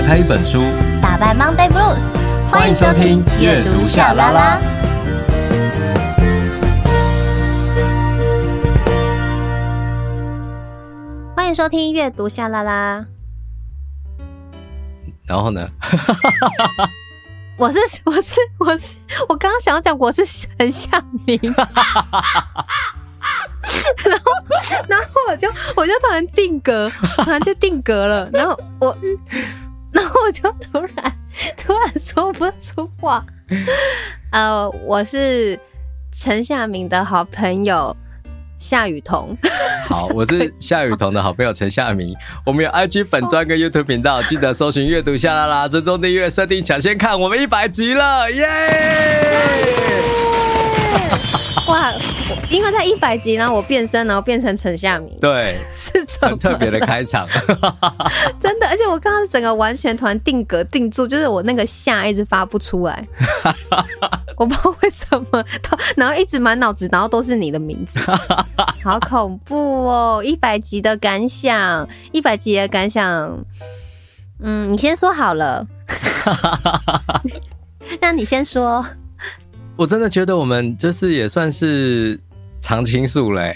打開一本書，打敗 Monday Blues。歡迎收聽閱讀夏 LaLa。歡迎收聽閱讀夏 LaLa。然後呢？ 我是我是我是我剛剛想要講我是陳夏民， 然後然後我就我就突然定格，突然就定格了。 然後我。嗯然後我就突然突然說不出話，呃、uh,，我是陳夏民的好朋友夏宇童。好，我是夏宇童的好朋友陳夏民。 我們有 IG 粉專跟 YouTube 頻道，oh. 記得搜尋閱讀夏 LaLa，尊重訂閱，設定搶先看，我們一百集了，耶、yeah! 哇！因為在一百集，然後我變身，然後變成陳夏民，對，是種特別的開場 ，真的。而且我剛剛整個完全團定格定住，就是我那個夏一直發不出來， 我不知道為什麼。然後一直滿腦子，然後都是你的名字，好恐怖哦！一百集的感想，一百集的感想。嗯，你先說好了，讓 你先說。我真的覺得我們就是也算是常青樹嘞，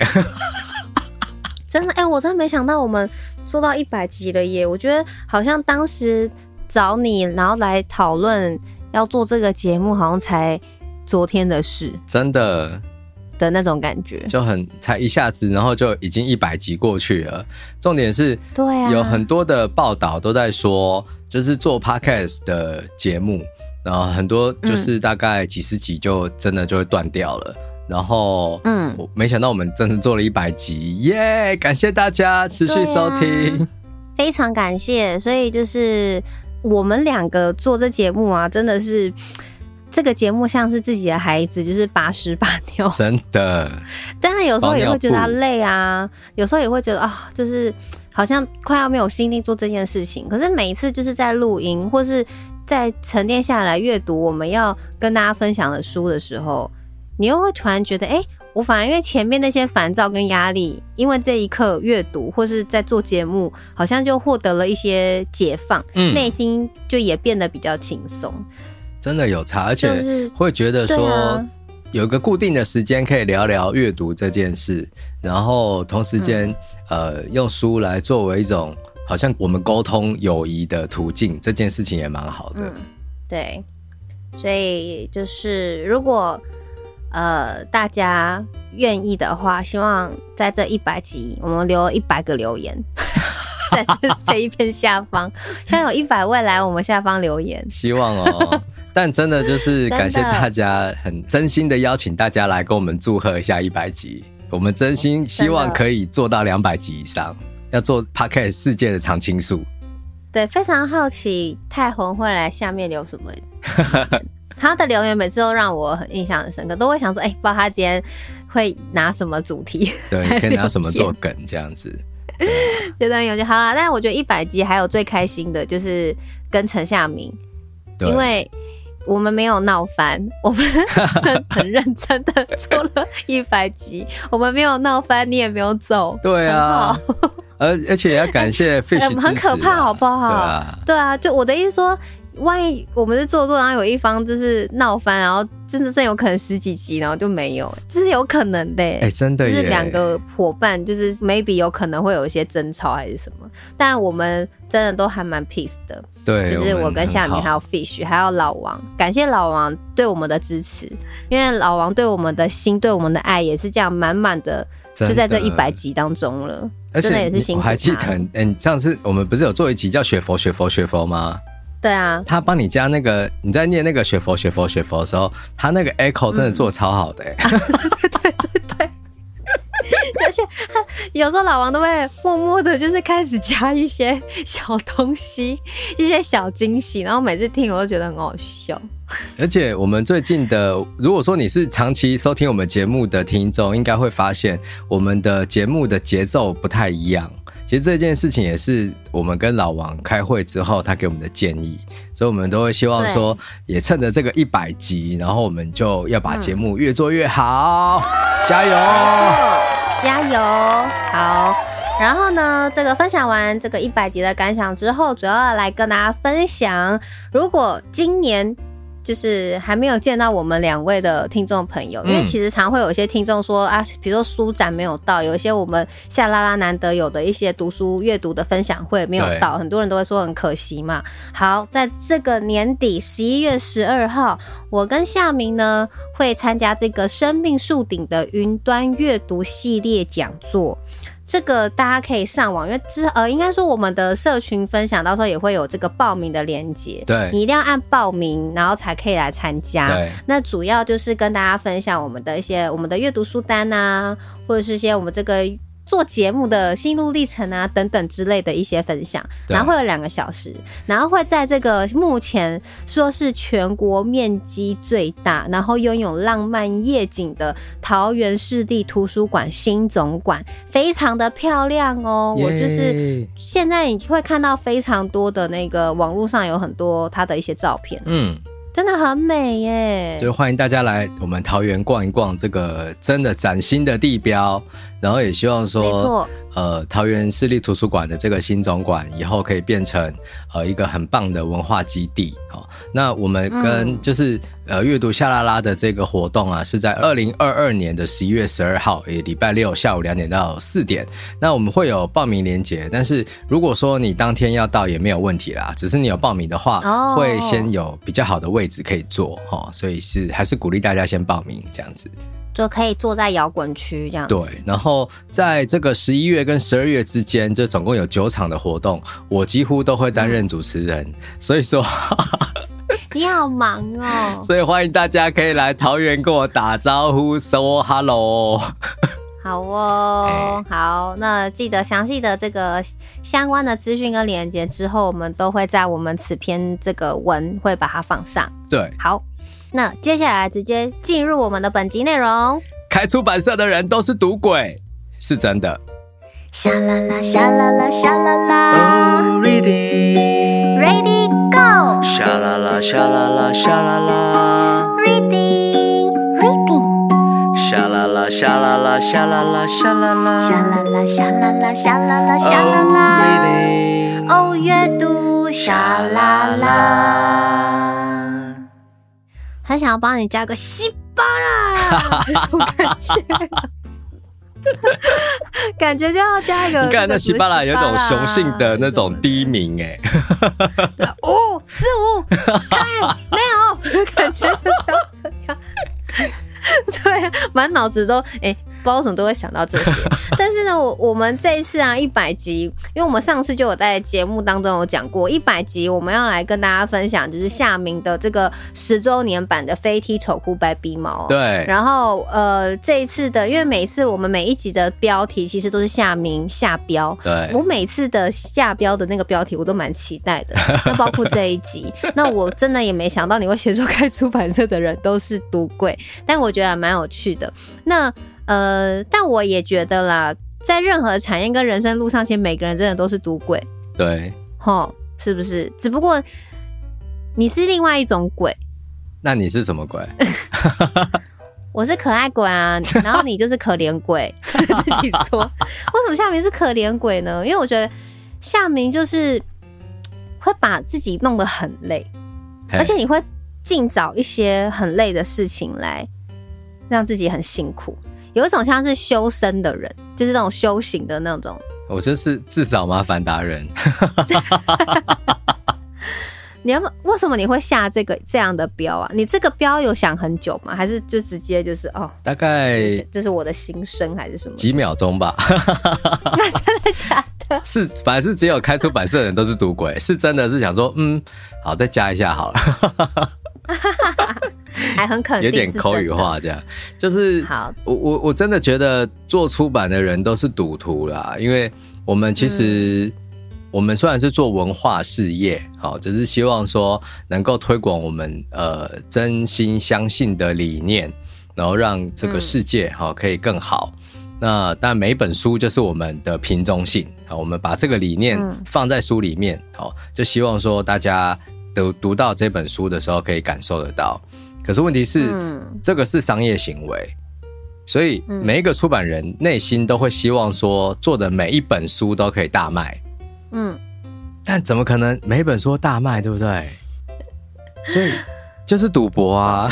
真的哎、欸，我真的沒想到我們做到一百集了耶！我覺得好像當時找你，然後來討論要做這個節目，好像才昨天的事，真的的那種感覺，就很才一下子，然後就已經一百集過去了。重點是，對啊，有很多的報道都在說，就是做 podcast 的節目。然後很多就是大概幾十集就真的就會斷掉了，嗯、然後嗯，沒想到我們真的做了一百集，耶、嗯！Yeah, 感謝大家持續收聽、啊，非常感謝。所以就是我們兩個做這節目啊，真的是這個節目像是自己的孩子，就是把屎把尿，真的。當然有時候也會覺得他累啊，有時候也會覺得啊、哦，就是好像快要沒有心力做這件事情。可是每一次就是在錄音或是。在沉澱下來閱讀我們要跟大家分享的書的時候，你又會突然覺得，哎、欸，我反而因為前面那些煩躁跟壓力，因為這一刻閱讀或是在做節目，好像就獲得了一些解放，嗯、內心就也變得比較輕鬆。真的有差，而且會覺得說，就是，對啊、有一個固定的時間可以聊聊閱讀這件事，然後同時間、嗯，呃，用書來作為一種。好像我們溝通友誼的途徑這件事情也蠻好的，嗯，對，所以就是如果呃大家願意的話，希望在這一百集，我們留一百個留言 在這這一篇下方，希 望有一百位來我們下方留言。希望哦， 但真的就是感謝大家，很真心的邀請大家來跟我們祝賀一下一百集，我們真心希望可以做到兩百集以上。要做 podcast 世界的常青樹，對，非常好奇泰宏會來下面留什麼。 他的留言每次都讓我很印象很深刻，都會想說，哎、欸，不知道他今天會拿什麼主題，對，可以拿什麼做梗這樣子。這段有就好了，但是我覺得一百集還有最開心的就是跟陳夏民，因為我們沒有鬧翻，我們很很認真的做了一百集， 我們沒有鬧翻，你也沒有走，對啊。而而且也要感謝 Fish 很可怕，好不好對？對啊，就我的意思說，萬一我們是做做，然後有一方就是鬧翻，然後真真正有可能十幾集，然後就沒有，這是有可能的。哎、欸，真的，就是兩個夥伴，就是 maybe 有可能會有一些爭吵還是什麼，但我們真的都還蠻 peace 的。對，就是我跟夏民還有 Fish 還有老王，感謝老王對我們的支持，因為老王對我們的心對我們的愛也是這樣滿滿的。就在這一百集當中了，而且我還記得，嗯、欸，上次我們不是有做一集叫“雪佛雪佛雪佛”嗎？對啊，他幫你加那個，你在念那個“雪佛雪佛雪佛”的時候，他那個 echo 真的做的超好的。欸、嗯 啊。對對對，對， 而且他有時候老王都會默默的，就是開始加一些小東西，一些小驚喜，然後每次聽我都覺得很好笑。而且我們最近的，如果說你是長期收聽我們節目的聽眾，應該會發現我們的節目的節奏不太一樣。其實這件事情也是我們跟老王開會之後，他給我們的建議。所以我們都會希望說，也趁着這個一百集，然後我們就要把節目越做越好、嗯，加油，加油，好。然後呢，這個分享完這個一百集的感想之後，主要來跟大家分享，如果今年。就是還沒有見到我們兩位的聽眾朋友，因為其實常會有一些聽眾說、嗯、啊，比如說書展沒有到，有一些我們夏 LaLa 難得有的一些讀書閱讀的分享會沒有到，很多人都會說很可惜嘛。好，在這個年底十一月十二號，我跟夏民呢會參加這個生命樹頂的雲端閱讀系列講座。這個大家可以上網，因為之呃，應該說我們的社群分享，到時候也會有這個報名的鏈接。對，你一定要按報名，然後才可以來參加。對，那主要就是跟大家分享我們的一些我們的閱讀書單啊，或者是一些我們這個。做節目的心路歷程啊，等等之類的一些分享，然後會有兩個小時，然後會在這個目前說是全國面積最大，然後擁有浪漫夜景的桃園市立圖書館新總館，非常的漂亮哦。Yeah. 我就是現在你會看到非常多的那個網絡上有很多它的一些照片，嗯。真的很美耶，就歡迎大家來我們桃園逛一逛這個真的嶄新的地標，然後也希望說，沒錯，呃，桃園市立圖書館的這個新總館以後可以變成呃一個很棒的文化基地，好、哦。那我們跟就是、嗯、呃閱讀夏拉拉的這個活動啊，是在二零二二年的十一月十二號，也禮拜六下午兩點到四點。那我們會有報名鏈接，但是如果說你當天要到也沒有問題啦，只是你有報名的話，會先有比較好的位置可以坐哈、哦哦，所以是還是鼓勵大家先報名這樣子。就可以坐在搖滾區這樣子。對，然後在這個十一月跟十二月之間，這總共有九場的活動，我幾乎都會擔任主持人。嗯、所以說， 你好忙哦。所以歡迎大家可以來桃園跟我打招呼，說 “hello”。 好哦，好，那記得詳細的這個相關的資訊跟連結之後，我們都會在我們此篇這個文會把它放上。對，好。那接下來直接進入我們的本集內容。開出版社的人都是賭鬼，是真的。沙啦啦沙啦啦沙啦啦，Oh reading，reading go。沙啦啦沙啦啦沙啦啦，reading reading。沙啦啦沙啦啦沙啦啦沙啦啦沙啦啦沙啦啦沙啦啦沙啦啦沙啦啦沙啦啦，沙啦啦沙啦啦沙啦啦沙啦啦，Oh reading，Oh 閱讀沙啦啦。他想要幫你加個西巴拉，感覺 感覺就要加一個。你看那西巴拉有一種雄性的那種低鳴、欸，誒五、 哦、四五，看、哎、 沒有，感覺就要這樣 對，滿腦子都誒、欸不知道怎麼都會想到這些， 但是呢，我我們這一次啊一百集，因為我們上次就有在節目當中有講過一百集，我們要來跟大家分享就是夏民的這個十週年版的《飛踢醜哭白鼻毛》對，然後呃這一次的，因為每次我們每一集的標題其實都是夏民下標，對，我每次的下標的那個標題我都蠻期待的， 那包括這一集， 那我真的也沒想到你會寫說開出版社的人都是賭鬼，但我覺得還蠻有趣的那。呃，但我也覺得啦，在任何產業跟人生路上，其實每個人真的都是賭鬼，對，齁，是不是？只不過你是另外一種鬼，那你是什麼鬼？ 我是可愛鬼啊，然後你就是可憐鬼， 自己說。 為什麼夏民是可憐鬼呢？因為我覺得夏民就是會把自己弄得很累，而且你會盡找一些很累的事情來讓自己很辛苦。有一種像是修身的人，就是那種修行的那種。我就是自找麻煩達人。 你要為什麼你會下這個這樣的標啊？你這個標有想很久嗎？還是就直接就是哦？大概是這是我的心聲還是什麼？幾秒鐘吧。那真的假的？是，反正是只有開出版社的人都是賭鬼，是真的？是想說嗯，好，再加一下好了。 哈哈哈，還很可能有點口語化，這樣就是。好，我我我真的覺得做出版的人都是賭徒啦，因為我們其實、嗯、我們雖然是做文化事業，好，只是希望說能夠推廣我們呃真心相信的理念，然後讓這個世界好可以更好。嗯、那但每一本書就是我們的瓶中信，好，我們把這個理念放在書裡面，好、嗯，就希望說大家。讀讀到這本書的時候，可以感受得到。可是問題是、嗯，這個是商業行為，所以每一個出版人內心都會希望說，做的每一本書都可以大賣。嗯，但怎麼可能每一本書都大賣？對不對？所以就是賭博啊。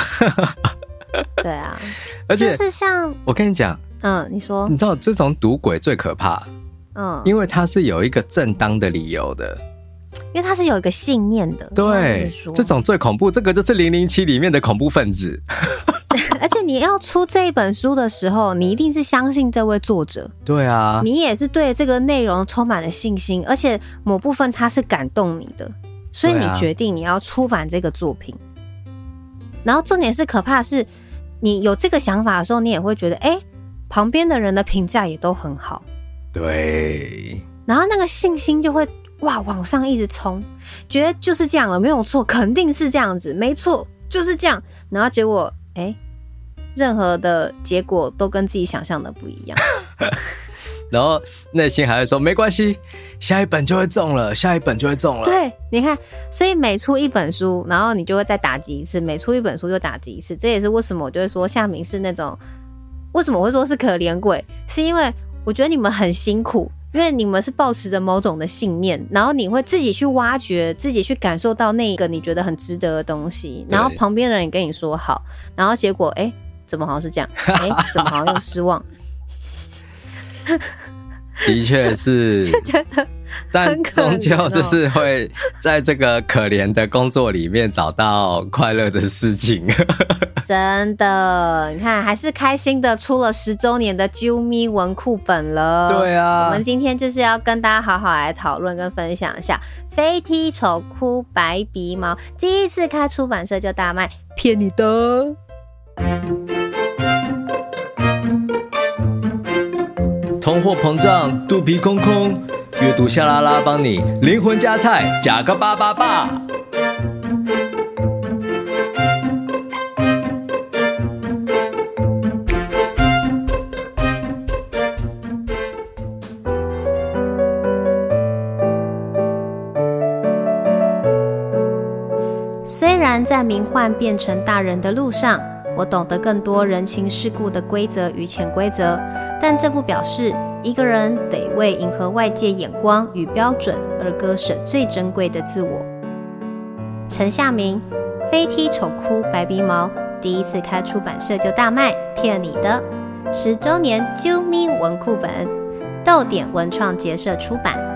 對啊， 而且、就是像我跟你講，嗯，你說，你知道這種賭鬼最可怕，嗯，因為他是有一個正當的理由的。因為他是有一個信念的，對這種最恐怖，這個就是《零零七》裡面的恐怖分子。 而且你要出這一本書的時候，你一定是相信這位作者，對啊，你也是對這個內容充滿了信心，而且某部分他是感動你的，所以你決定你要出版這個作品。啊、然後重點是可怕的是，你有這個想法的時候，你也會覺得，欸、旁邊的人的評價也都很好，對，然後那個信心就會。哇，往上一直衝，覺得就是這樣了，沒有錯，肯定是這樣子，沒錯，就是這樣。然後結果，哎、欸，任何的結果都跟自己想象的不一樣。 然後內心還會說沒關係，下一本就會中了，下一本就會中了。對，你看，所以每出一本書，然後你就會再打擊一次，每出一本書就打擊一次。這也是為什麼我就會說夏民是那種為什麼我會說是可憐鬼，是因為我覺得你們很辛苦。因為你們是抱持着某種的信念，然後你會自己去挖掘，自己去感受到那個你覺得很值得的東西，然後旁邊人也跟你說好，然後結果哎、欸，怎麼好像是這樣？哎、欸，怎麼好像又失望？ 的確是。 但終究就是會在這個可憐的工作裡面找到快樂的事情。哦、 真的，你看還是開心的出了十周年的啾咪文庫本了。對啊，我們今天就是要跟大家好好來討論跟分享一下《飛踢醜哭白鼻毛》，第一次開出版社就大賣，騙你的。通貨膨脹，肚皮空空。閱讀夏拉拉幫你靈魂加菜加個巴巴爸。雖然在名幻變成大人的路上，我懂得更多人情世故的規則與潛規則，但這不表示一個人得為迎合外界眼光與標準而割捨最珍貴的自我。陳夏民，飛踢醜哭白鼻毛，第一次開出版社就大賣，騙你的。十周年啾咪文庫本，逗點文創結社出版。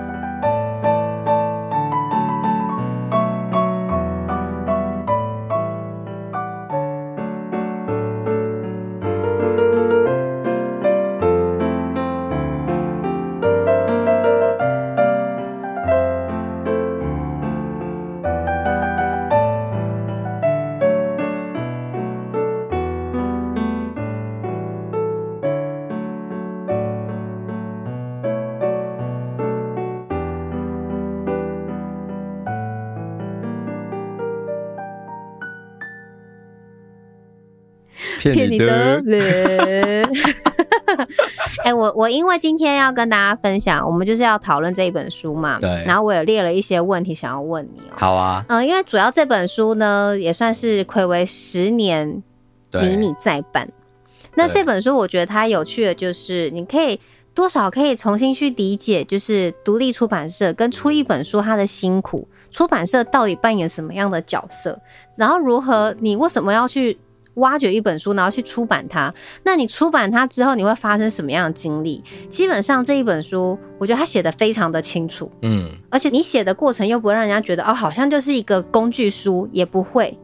騙你的，哎、 欸，我我因為今天要跟大家分享，我們就是要討論這一本書嘛。對。然後我也列了一些問題想要問你哦、喔。好啊。嗯、呃，因為主要這本書呢，也算是睽違十年迷你再版。那這本書我覺得它有趣的就是，你可以多少可以重新去理解，就是獨立出版社跟出一本書它的辛苦，出版社到底扮演什麼樣的角色，然後如何，嗯、你為什麼要去？挖掘一本書，然後去出版它。那你出版它之後，你會發生什麼樣的經歷？基本上這一本書，我覺得他寫的非常的清楚，嗯，而且你寫的過程又不會讓人家覺得哦，好像就是一個工具書，也不會，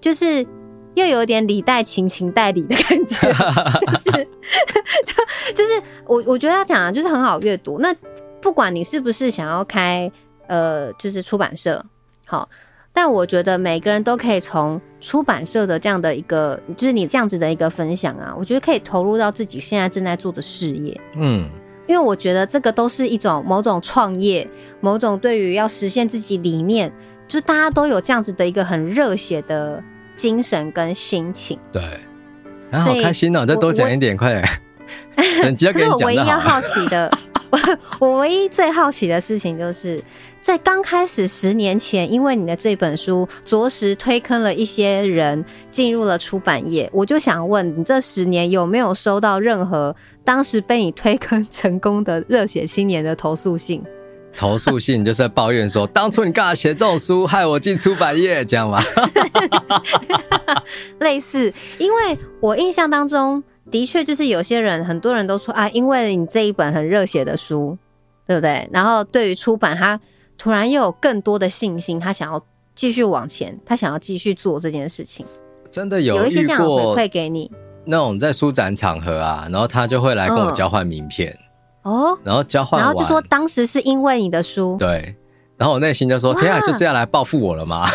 就是又有點理帶情，情帶理的感覺， 就是 就是我我覺得要講啊，就是很好閱讀。那不管你是不是想要開呃，就是出版社，好。但我覺得每個人都可以從出版社的這樣的一個，就是你這樣子的一個分享啊，我覺得可以投入到自己現在正在做的事業。嗯，因為我覺得這個都是一種某種創業，某種對於要實現自己理念，就是大家都有這樣子的一個很熱血的精神跟心情。對，還好開心哦、喔！再多講一點，快點。一 下給你講。可是我唯一要好奇的 我，我唯一最好奇的事情就是。在剛開始十年前，因為你的這本書着實推坑了一些人進入了出版業，我就想問你：這十年有沒有收到任何當時被你推坑成功的熱血青年的投訴信？投訴信就是在抱怨說， 當初你幹嘛寫這種書，害我進出版業，這樣嗎？ 類似，因為我印象當中的確就是有些人，很多人都說啊，因為你這一本很熱血的書，對不對？然後對於出版它……突然又有更多的信心，他想要繼續往前，他想要繼續做這件事情。真的有一些這樣的回饋給你，那種在書展場合啊，然後他就會來跟我交換名片、嗯。哦，然後交換完，然後就說當時是因為你的書。對，然後我內心就說：天啊，這是要來報復我了嗎？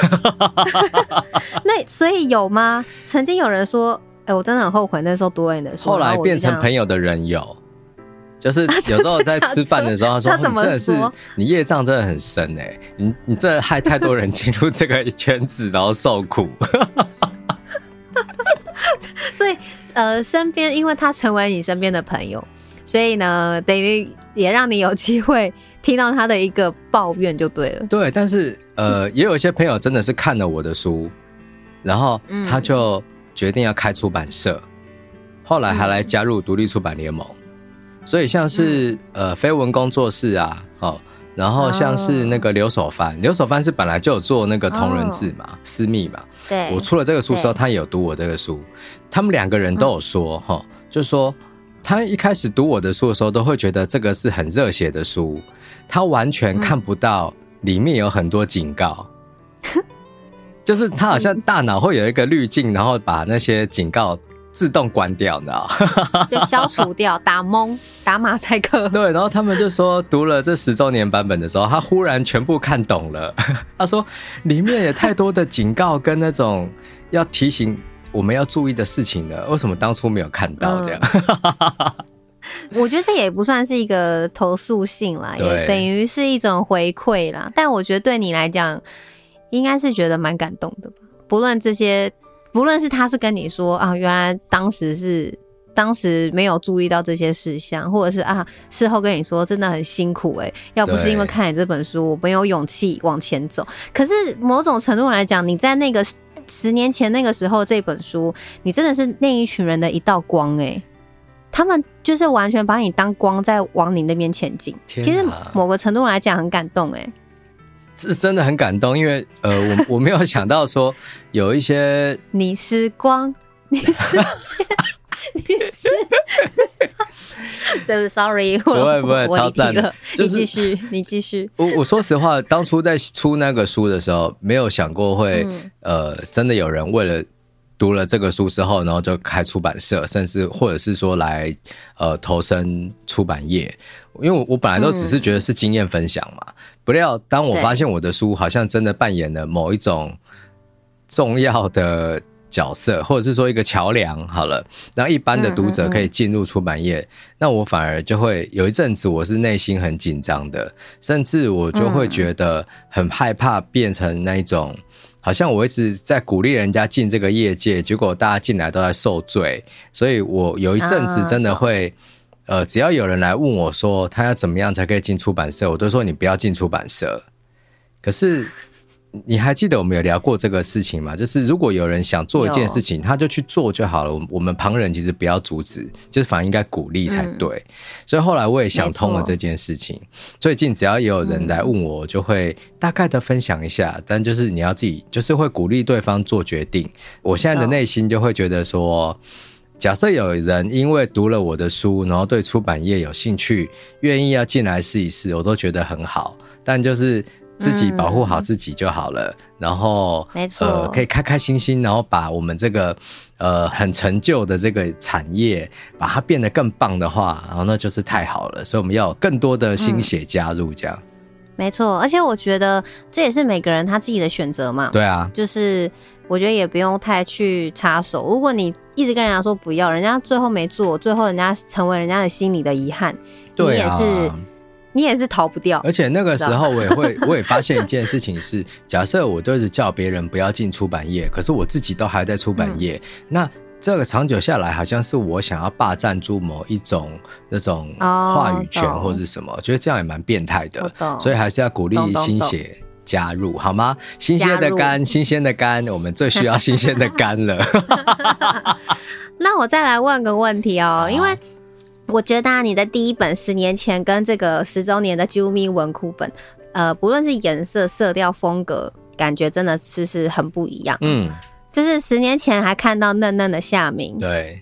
那所以有嗎？曾經有人說：哎、欸，我真的很後悔那時候讀你的書。後來變成朋友的人有。就是有時候在吃飯的時候，他說：“真的是你業障真的很深哎、欸，你你這害太多人進入這個圈子，然後受苦。 ”所以呃，身邊因為他成為你身邊的朋友，所以呢，等於也讓你有機會聽到他的一個抱怨就對了。對，但是呃，也有一些朋友真的是看了我的書，然後他就決定要開出版社，後來還來加入獨立出版聯盟。所以像是呃緋聞工作室啊，哦，然後像是那個劉守藩劉守藩是本來就有做那個同人誌嘛、哦，私密嘛。對，我出了這個書之後，他也有讀我這個書，他們兩個人都有說，哈、嗯哦，就說他一開始讀我的書的時候，都會覺得這個是很熱血的書，他完全看不到裡面有很多警告，嗯、就是他好像大腦會有一個濾鏡，然後把那些警告。自動關掉，你知道？就消除掉，打蒙，打馬賽克。對，然後他們就說，讀了這十周年版本的時候，他忽然全部看懂了。他說，裡面有太多的警告跟那種要提醒我們要注意的事情了。為什麼當初沒有看到這樣？嗯、 我覺得這也不算是一個投訴信啦，也等於是一種回饋啦。但我覺得對你來講，應該是覺得蠻感動的吧。不論這些。不論是他是跟你說啊，原來當時是當時沒有注意到這些事項，或者是啊，事後跟你說真的很辛苦哎、欸，要不是因為看你這本書，我沒有勇氣往前走。可是某種程度來講，你在那個十年前那個時候，這本書你真的是那一群人的一道光哎、欸，他們就是完全把你當光在往你那邊前進，啊。其實某個程度來講，很感動哎、欸。是真的很感動，因為呃，我我沒有想到說有一些你是光，你是 你是， 對不對 Sorry 不會不會，超讚的你、就是，你繼續，你繼續。我我說實話，當初在出那個書的時候，沒有想過會、嗯、呃，真的有人為了讀了這個書之後，然後就開出版社，甚至或者是說來呃投身出版業。因為我我本來都只是覺得是經驗分享嘛，嗯、不料當我發現我的書好像真的扮演了某一種重要的角色，或者是說一個橋梁，好了，那一般的讀者可以進入出版業，嗯嗯嗯、那我反而就會有一陣子我是內心很緊張的，甚至我就會覺得很害怕變成那一種、嗯，好像我一直在鼓勵人家進這個業界，結果大家進來都在受罪，所以我有一陣子真的會。呃，只要有人來問我說他要怎麼樣才可以進出版社，我都說你不要進出版社。可是你還記得我們有聊過這個事情嗎？就是如果有人想做一件事情，他就去做就好了。我們旁人其實不要阻止，就是反而應該鼓勵才對、嗯。所以後來我也想通了這件事情。最近只要有人來問我，我就會大概的分享一下、嗯。但就是你要自己，就是會鼓勵對方做決定。我現在的內心就會覺得說。假設有人因為讀了我的書，然後對出版業有興趣，願意要進來試一試，我都覺得很好。但就是自己保護好自己就好了，嗯、然後沒錯，呃，可以開開心心，然後把我們這個呃很陳舊的這個產業，把它變得更棒的話，然後那就是太好了。所以我們要更多的心血加入，這樣、嗯、沒錯。而且我覺得這也是每個人他自己的選擇嘛，對啊，就是。我覺得也不用太去插手。如果你一直跟人家說不要，人家最後沒做，最後人家成為人家的心裡的遺憾，對啊，你也是，你也是逃不掉。而且那個時候我也會，我也發現一件事情是：假設我都是叫別人不要進出版業， 可是我自己都還在出版業，嗯、那這個長久下來，好像是我想要霸占住某一種那種話語權或者什麼，我、哦哦、覺得這樣也蠻變態的、哦。所以還是要鼓勵新血、哦。哦哦哦新加入好嗎？新鮮的肝，新鮮的肝，我們最需要新鮮的肝了 那我再來問個問題哦，因為我覺得、啊、你的第一本十年前跟這個十週年的啾咪文庫本，呃，不論是顏色、色調、風格，感覺真的其實很不一樣。嗯，就是十年前還看到嫩嫩的夏民，對，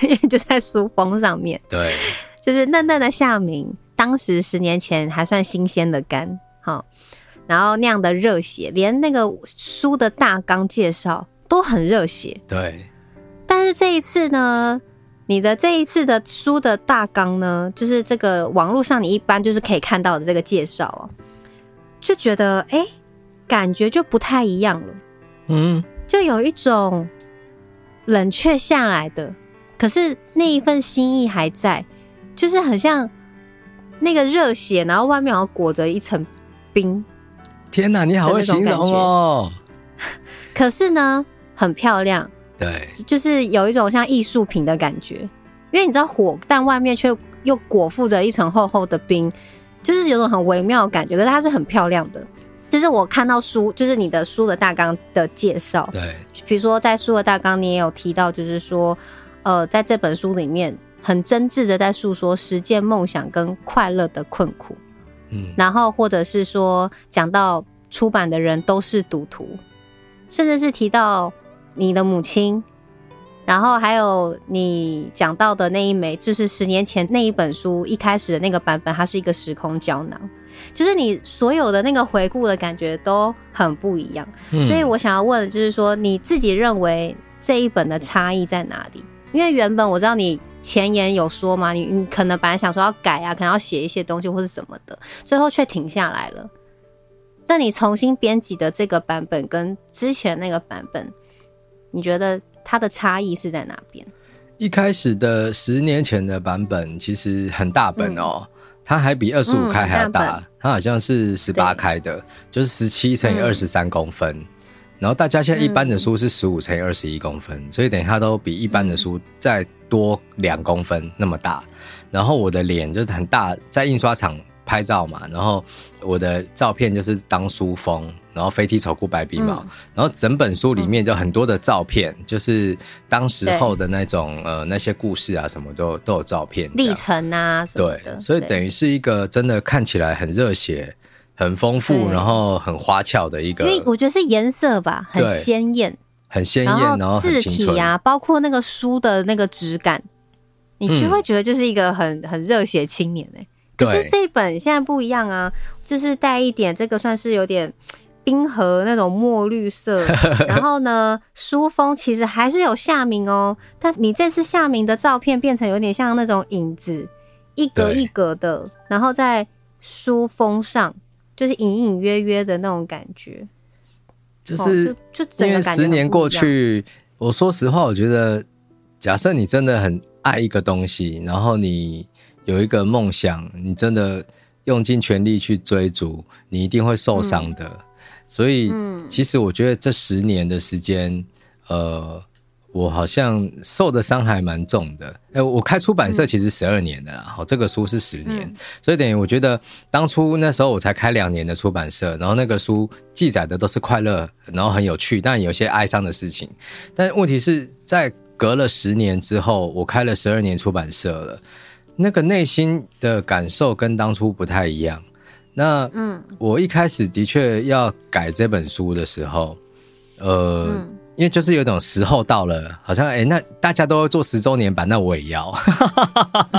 因為 就在書封上面，對， 就是嫩嫩的夏民，當時十年前還算新鮮的肝。然後那樣的熱血，連那個書的大綱介紹都很熱血。對。但是這一次呢，你的這一次的書的大綱呢，就是這個網絡上你一般就是可以看到的這個介紹哦、啊，就覺得哎、欸，感覺就不太一樣了。嗯。就有一種冷卻下來的，可是那一份心意還在，就是很像那個熱血，然後外面要裹着一層冰。天哪、啊，你好會形容哦、喔！可是呢，很漂亮，對，就是有一種像藝術品的感覺。因為你知道火，但外面卻又裹覆着一層厚厚的冰，就是有種很微妙的感覺。可是它是很漂亮的。這、就是我看到書，就是你的書的大綱的介紹。對，比如說在書的大綱，你也有提到，就是說，呃，在這本書裡面，很真摯的在訴說實踐夢想跟快樂的困苦。嗯，然後或者是說講到出版的人都是賭徒，甚至是提到你的母親，然後還有你講到的那一枚，就是十年前那一本書一開始的那個版本，它是一個時空膠囊，就是你所有的那個回顧的感覺都很不一樣。所以我想要問的就是說，你自己認為這一本的差異在哪裡？因為原本我知道你。前言有說嗎？你你可能本來想說要改啊，可能要寫一些東西或者什麼的，最後卻停下來了。那你重新編輯的這個版本跟之前那個版本，你覺得它的差異是在哪邊？一開始的十年前的版本其實很大本哦，喔嗯，它還比二十五開還要大，嗯，它好像是十八開的，就是十七乘以二十三公分。嗯然後大家現在一般的書是十五乘以二十一公分，嗯，所以等於它都比一般的書再多兩公分那麼大，嗯。然後我的臉就是很大，在印刷廠拍照嘛，然後我的照片就是當書封，然後飛踢醜哭、白鼻毛，然後整本書裡面就很多的照片，嗯、就是當時候的那種、嗯、呃那些故事啊什麼都都有照片歷程啊什麼的對對，所以等於是一個真的看起來很熱血。很豐富，然後很花俏的一個，因為我覺得是顏色吧，很鮮豔，很鮮豔，然後字體呀、啊，包括那個書的那個質感，你就會覺得就是一個很、嗯、很熱血青年哎、欸。可是這本現在不一樣啊，就是帶一點這個算是有點冰河那種墨綠色， 然後呢，書封其實還是有夏民哦，但你這次夏民的照片變成有點像那種影子，一格一格的，然後在書封上。就是隱隱約約的那種感覺，哦、就，就，整個感覺很異樣，就是就因為十年過去，我說實話，我覺得，假設你真的很愛一個東西，然後你有一個夢想，你真的用盡全力去追逐，你一定會受傷的。嗯、所以，其實我覺得這十年的時間，呃。我好像受的傷還蠻重的，哎、欸，我開出版社其實十二年的，啊，然、嗯、這個書是十年、嗯，所以等於我覺得當初那時候我才開兩年的出版社，然後那個書記載的都是快樂，然後很有趣，但有些哀傷的事情。但問題是在隔了十年之後，我開了十二年出版社了，那個內心的感受跟當初不太一樣。那嗯，我一開始的確要改這本書的時候，呃。嗯因為就是有一種時候到了，好像誒、欸、那大家都要做十周年版，那我也要，哈哈，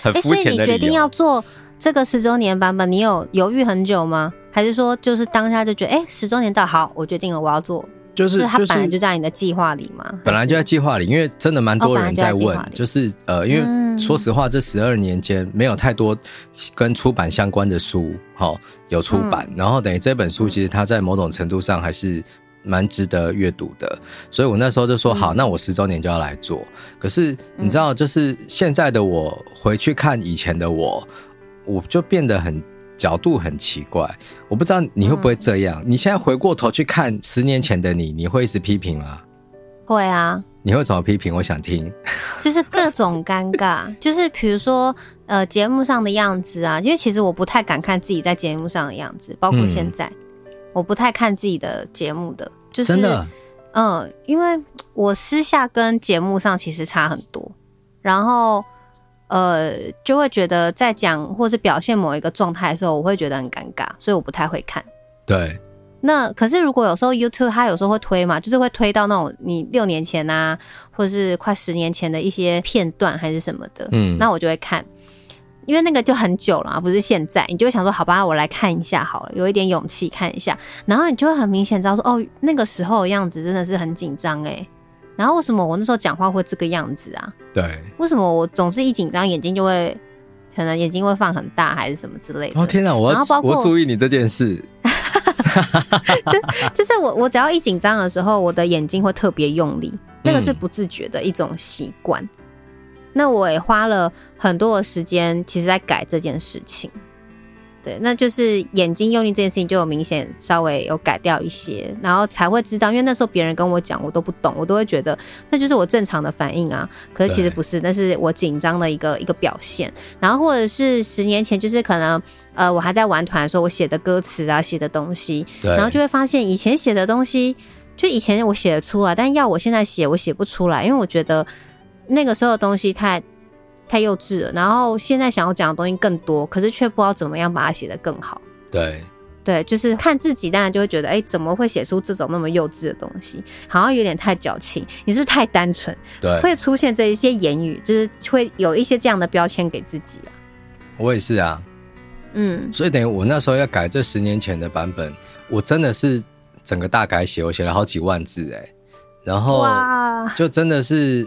很膚淺的理由。誒、欸、所以你決定要做這個十周年版本，你有猶豫很久嗎？還是說就是當下就覺得誒、欸、十周年到好，我決定了，我要做。就是它、就是、本來就在你的計劃裡嘛，本來就在計劃裡，因為真的蠻多人在問，哦、本來就在計畫裡。就是呃，因為說實話，這十二年間沒有太多跟出版相關的書，好有出版，嗯、然後等於這本書其實它在某種程度上還是。蠻值得閱讀的，所以我那時候就說好，那我十周年就要來做，嗯。可是你知道，就是現在的我回去看以前的我，我就變得很角度很奇怪。我不知道你會不會這樣，嗯。你現在回過頭去看十年前的你，你會一直批評嗎？會啊。你會怎麼批評？我想聽。就是各種尷尬， 就是比如說呃節目上的樣子啊，因為其實我不太敢看自己在節目上的樣子，包括現在。嗯我不太看自己的節目的，就是真的？嗯，因為我私下跟節目上其實差很多，然後，呃，就會覺得在講或是表現某一個狀態的時候，我會覺得很尷尬，所以我不太會看。對，那可是如果有時候 YouTube 它有時候會推嘛，就是會推到那種你六年前啊，或是快十年前的一些片段還是什麼的，嗯，那我就會看。因為那個就很久了嘛，不是現在，你就會想說好吧，我來看一下好了，有一點勇氣看一下，然後你就會很明顯知道說哦，那個時候的樣子真的是很緊張哎，然後為什麼我那時候講話會這個樣子啊？對，為什麼我總是一緊張眼睛就會，可能眼睛會放很大還是什麼之類的？哦天哪，我要我要注意你這件事，這、 就是、就是我我只要一緊張的時候，我的眼睛會特別用力、嗯，那個是不自覺的一種習慣。那我也花了很多的時間，其實在改這件事情。對，那就是眼睛用力這件事情就有明顯稍微有改掉一些，然後才會知道，因為那時候別人跟我講，我都不懂，我都會覺得那就是我正常的反應啊。可是其實不是，那是我緊張的一個一個表現。然後或者是十年前，就是可能呃，我還在玩團的時候，我寫的歌詞啊，寫的東西，然後就會發現以前寫的東西，就以前我寫得出來，但要我現在寫，我寫不出來，因為我覺得。那個時候的東西太太幼稚了，然後現在想要講的東西更多，可是卻不知道怎麼樣把它寫得更好。對，對，就是看自己，當然就會覺得，哎、欸，怎麼會寫出這種那麼幼稚的東西？好像有點太矯情。你是不是太單純？對，會出現這一些言語，就是會有一些這樣的標籤給自己啊。我也是啊，嗯，所以等於我那時候要改這十年前的版本，我真的是整個大改寫，我寫了好幾萬字哎、欸，然後就真的是。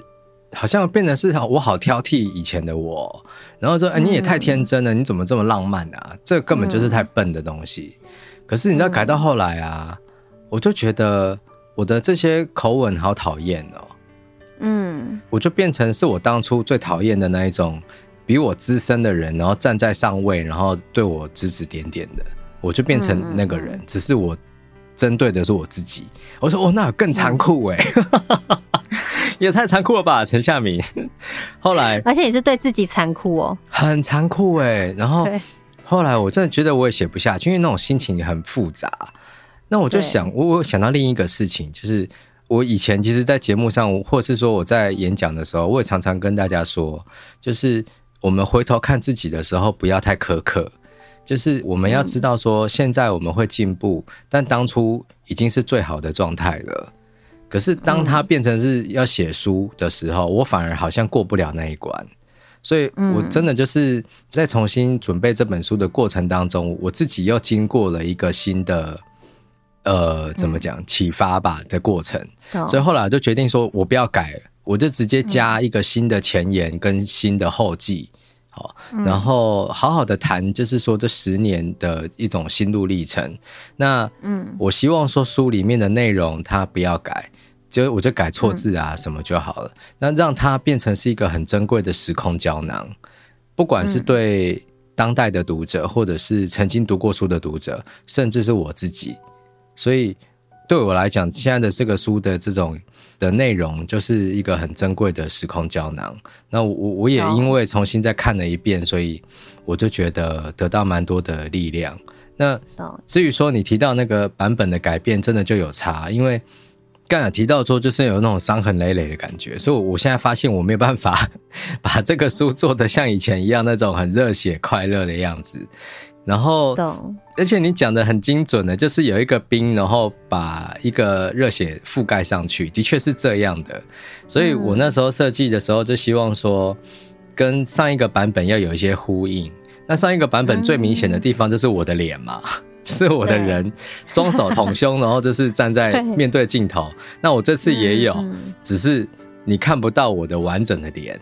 好像變成是，我好挑剔以前的我，然後說：“哎、欸，你也太天真了，你怎麼這麼浪漫啊？這個、根本就是太笨的東西。嗯”可是你知道，改到後來啊、嗯，我就覺得我的這些口吻好討厭哦。嗯，我就變成是我當初最討厭的那一種比我資深的人，然後站在上位，然後對我指指點點的，我就變成那個人。只是我針對的是我自己。我說：“哦，那有更殘酷哎、欸。嗯” 也太殘酷了吧，陳夏民。 後來，而且也是對自己殘酷哦，很殘酷哎、欸。然後，後來我真的覺得我也寫不下去，因為那種心情很複雜。那我就想，我我想到另一個事情，就是我以前其實，在節目上，或是說我在演講的時候，我也常常跟大家說，就是我們回頭看自己的時候，不要太苛刻，就是我們要知道說，現在我們會進步、嗯，但當初已經是最好的狀態了。可是，當他變成是要寫書的時候、嗯，我反而好像過不了那一關，所以我真的就是在重新準備這本書的過程當中，我自己又經過了一個新的，呃，怎麼講啟發吧的過程、嗯。所以後來就決定說，我不要改，我就直接加一個新的前言跟新的後記，好、嗯，然後好好的談，就是說這十年的一種心路歷程。那嗯，我希望說書裡面的內容它不要改。就我就改錯字啊什麼就好了，嗯，那讓它變成是一個很珍貴的時空膠囊，不管是對當代的讀者，或者是曾經讀過書的讀者，甚至是我自己。所以對我來講，現在的這個書的這種的內容，就是一個很珍貴的時空膠囊。那我我也因為重新再看了一遍，所以我就覺得得到蠻多的力量。那至於說你提到那個版本的改變，真的就有差，因為。剛才提到的說，就是有那種傷痕累累的感覺，所以我現在發現我沒有辦法把這個書做得像以前一樣那種很熱血快樂的樣子。然後，而且你講的很精準的，就是有一個冰，然後把一個熱血覆蓋上去，的確是這樣的。所以我那時候設計的時候就希望說，跟上一個版本要有一些呼應。那上一個版本最明顯的地方就是我的臉嘛。是我的人，雙手捅胸，然後就是站在面對鏡頭 對。那我這次也有、嗯，只是你看不到我的完整的臉。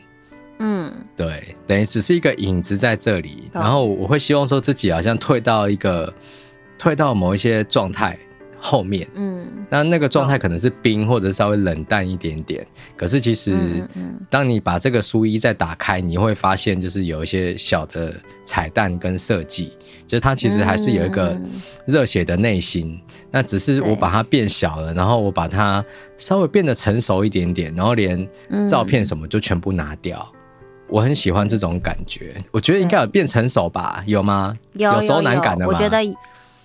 嗯，對，等於只是一個影子在這裡。然後我會希望說自己好像退到一個，退到某一些狀態。後面，嗯，那那個狀態可能是冰、嗯、或者稍微冷淡一點點。可是其實，當你把這個書衣再打開，你會發現就是有一些小的彩蛋跟設計，就是它其實還是有一個熱血的內心、嗯。那只是我把它變小了，然後我把它稍微變得成熟一點點，然後連照片什麼就全部拿掉。嗯、我很喜歡這種感覺，我覺得應該有變成熟吧？有嗎？有，有熟男，有，感的嗎？有，有有我覺得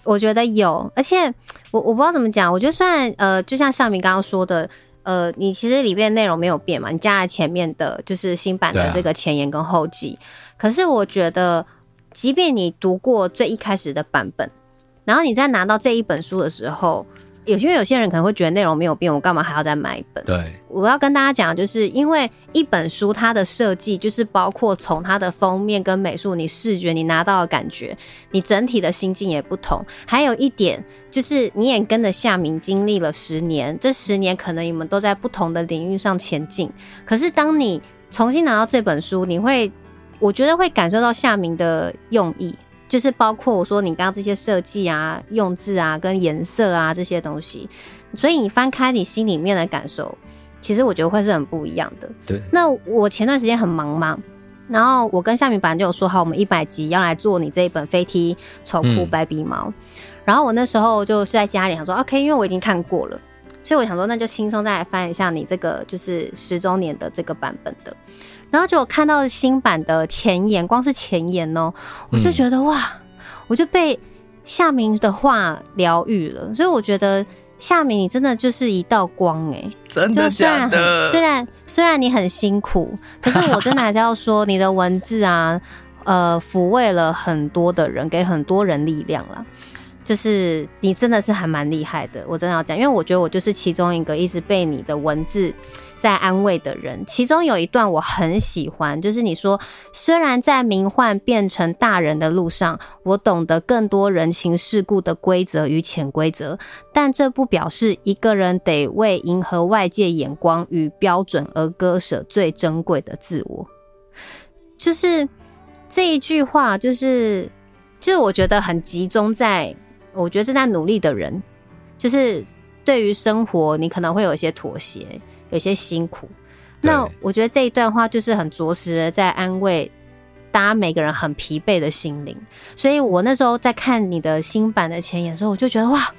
我覺得有，而且我我不知道怎麼講。我覺得雖然呃，就像夏民剛剛說的，呃，你其實裡面內容沒有變嘛，你加了前面的就是新版的這個前言跟後記，啊。可是我覺得，即便你讀過最一開始的版本，然後你在拿到這一本書的時候，有些因為有些人可能會覺得內容沒有變，我幹嘛還要再買一本？對，我要跟大家講的，就是因為一本書它的設計，就是包括從它的封面跟美術，你視覺你拿到的感覺，你整體的心境也不同。還有一點就是，你也跟着夏民經歷了十年，這十年可能你們都在不同的領域上前進。可是當你重新拿到這本書，你會，我覺得會感受到夏民的用意。就是包括我說你剛剛這些設計啊、用字啊、跟顏色啊這些東西，所以你翻開你心裡面的感受，其實我覺得會是很不一樣的。對。那我前段時間很忙嘛，然後我跟夏民本來就有說好，我們一百集要來做你這一本《飛踢醜哭白鼻毛》。嗯，然後我那時候就是在家裡想說，OK，因為我已經看過了，所以我想說那就輕鬆再來翻一下你這個就是十周年的這個版本的。然後就我看到新版的前言，光是前言哦，我就覺得哇，我就被夏民的話療癒了。所以我覺得夏民，你真的就是一道光欸，真的假的？就雖然很，雖然雖然雖然你很辛苦，可是我真的還是要說，你的文字啊， 呃，撫慰了很多的人，給很多人力量了。就是你真的是還蠻厲害的，我真的要講，因為我覺得我就是其中一個一直被你的文字。在安慰的人，其中有一段我很喜歡，就是你說，雖然在名幻變成大人的路上，我懂得更多人情世故的規則與潛規則，但這不表示一個人得為迎合外界眼光與標準而割捨最珍貴的自我。就是這一句話，就是就我覺得很集中在，我覺得正在努力的人，就是對於生活，你可能會有一些妥協。有些辛苦，那我覺得這一段話就是很着實的在安慰大家每個人很疲憊的心靈。所以我那時候在看你的新版的前言的時候，我就覺得哇，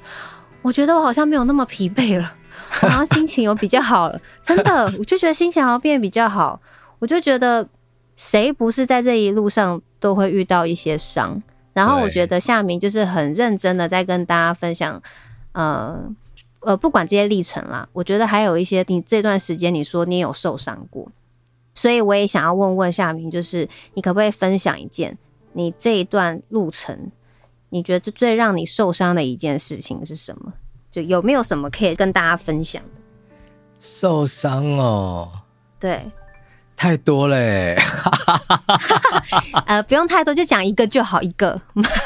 我覺得我好像沒有那麼疲憊了，好像心情有比較好了。 真的，我就覺得心情好像變得比較好。我就覺得誰不是在這一路上都會遇到一些傷，然後我覺得夏民就是很認真的在跟大家分享，嗯、呃。呃，不管這些歷程啦，我覺得還有一些，你這段時間你說你有受傷過，所以我也想要問問夏民，就是你可不可以分享一件你這一段路程，你覺得最讓你受傷的一件事情是什麼？就有沒有什麼可以跟大家分享？受傷哦，對，太多嘞， 呃，不用太多，就講一個就好，一個。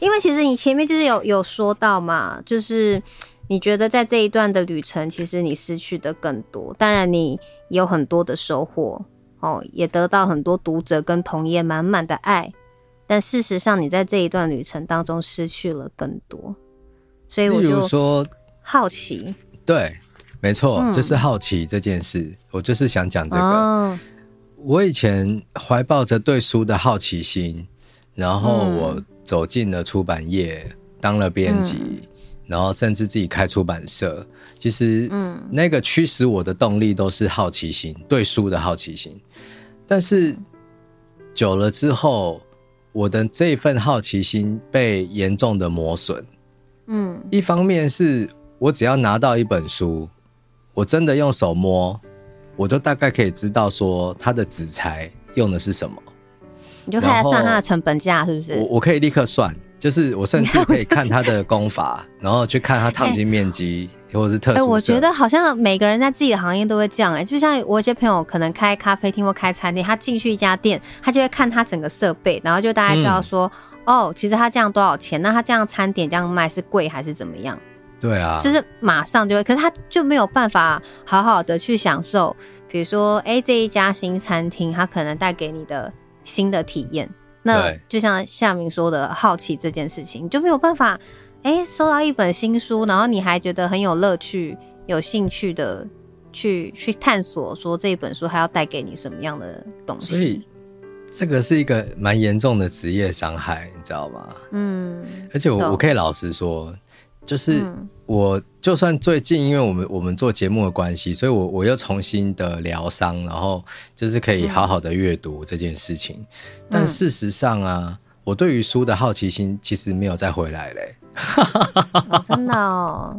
因為其實你前面就是有有說到嘛，就是你覺得在這一段的旅程，其實你失去的更多。當然你有很多的收穫哦，也得到很多讀者跟同業滿滿的愛。但事實上你在這一段旅程當中失去了更多，所以我就說好奇說。對，沒錯，嗯，就是好奇這件事。我就是想講這個。哦，我以前懷抱着對書的好奇心，然後我、嗯。走進了出版業，當了編輯、嗯，然後甚至自己開出版社。嗯、其實，嗯，那個驅使我的動力都是好奇心，對書的好奇心。但是久了之後，我的這份好奇心被嚴重的磨損。嗯，一方面是我只要拿到一本書，我真的用手摸，我都大概可以知道說它的紙材用的是什麼。你就開始算它的成本價，是不是？我我可以立刻算，就是我甚至可以看它的工法，然後去看它燙金面積、欸、或者是特色哎、欸，我覺得好像每個人在自己的行業都會這樣、欸。哎，就像我有些朋友可能開咖啡廳或開餐廳，他進去一家店，他就會看他整個設備，然後就大概知道說、嗯，哦，其實他這樣多少錢？那他這樣餐點這樣賣是貴還是怎麼樣？對啊，就是馬上就會，可是他就沒有辦法好好的去享受，比如說，哎、欸，這一家新餐廳，他可能帶給你的。新的體驗，那就像夏民說的，好奇這件事情，你就沒有辦法，誒、欸，收到一本新書，然後你還覺得很有樂趣、有興趣的去去探索，說這一本書還要帶給你什麼樣的東西？所以這個是一個蠻嚴重的職業傷害，你知道嗎？嗯，而且我我可以老實說，就是。嗯我就算最近，因為我們我們做節目的關係，所以我我又重新的療傷，然後就是可以好好的閱讀這件事情、嗯嗯。但事實上啊，我對於書的好奇心其實沒有再回來嘞、欸。 真的哦，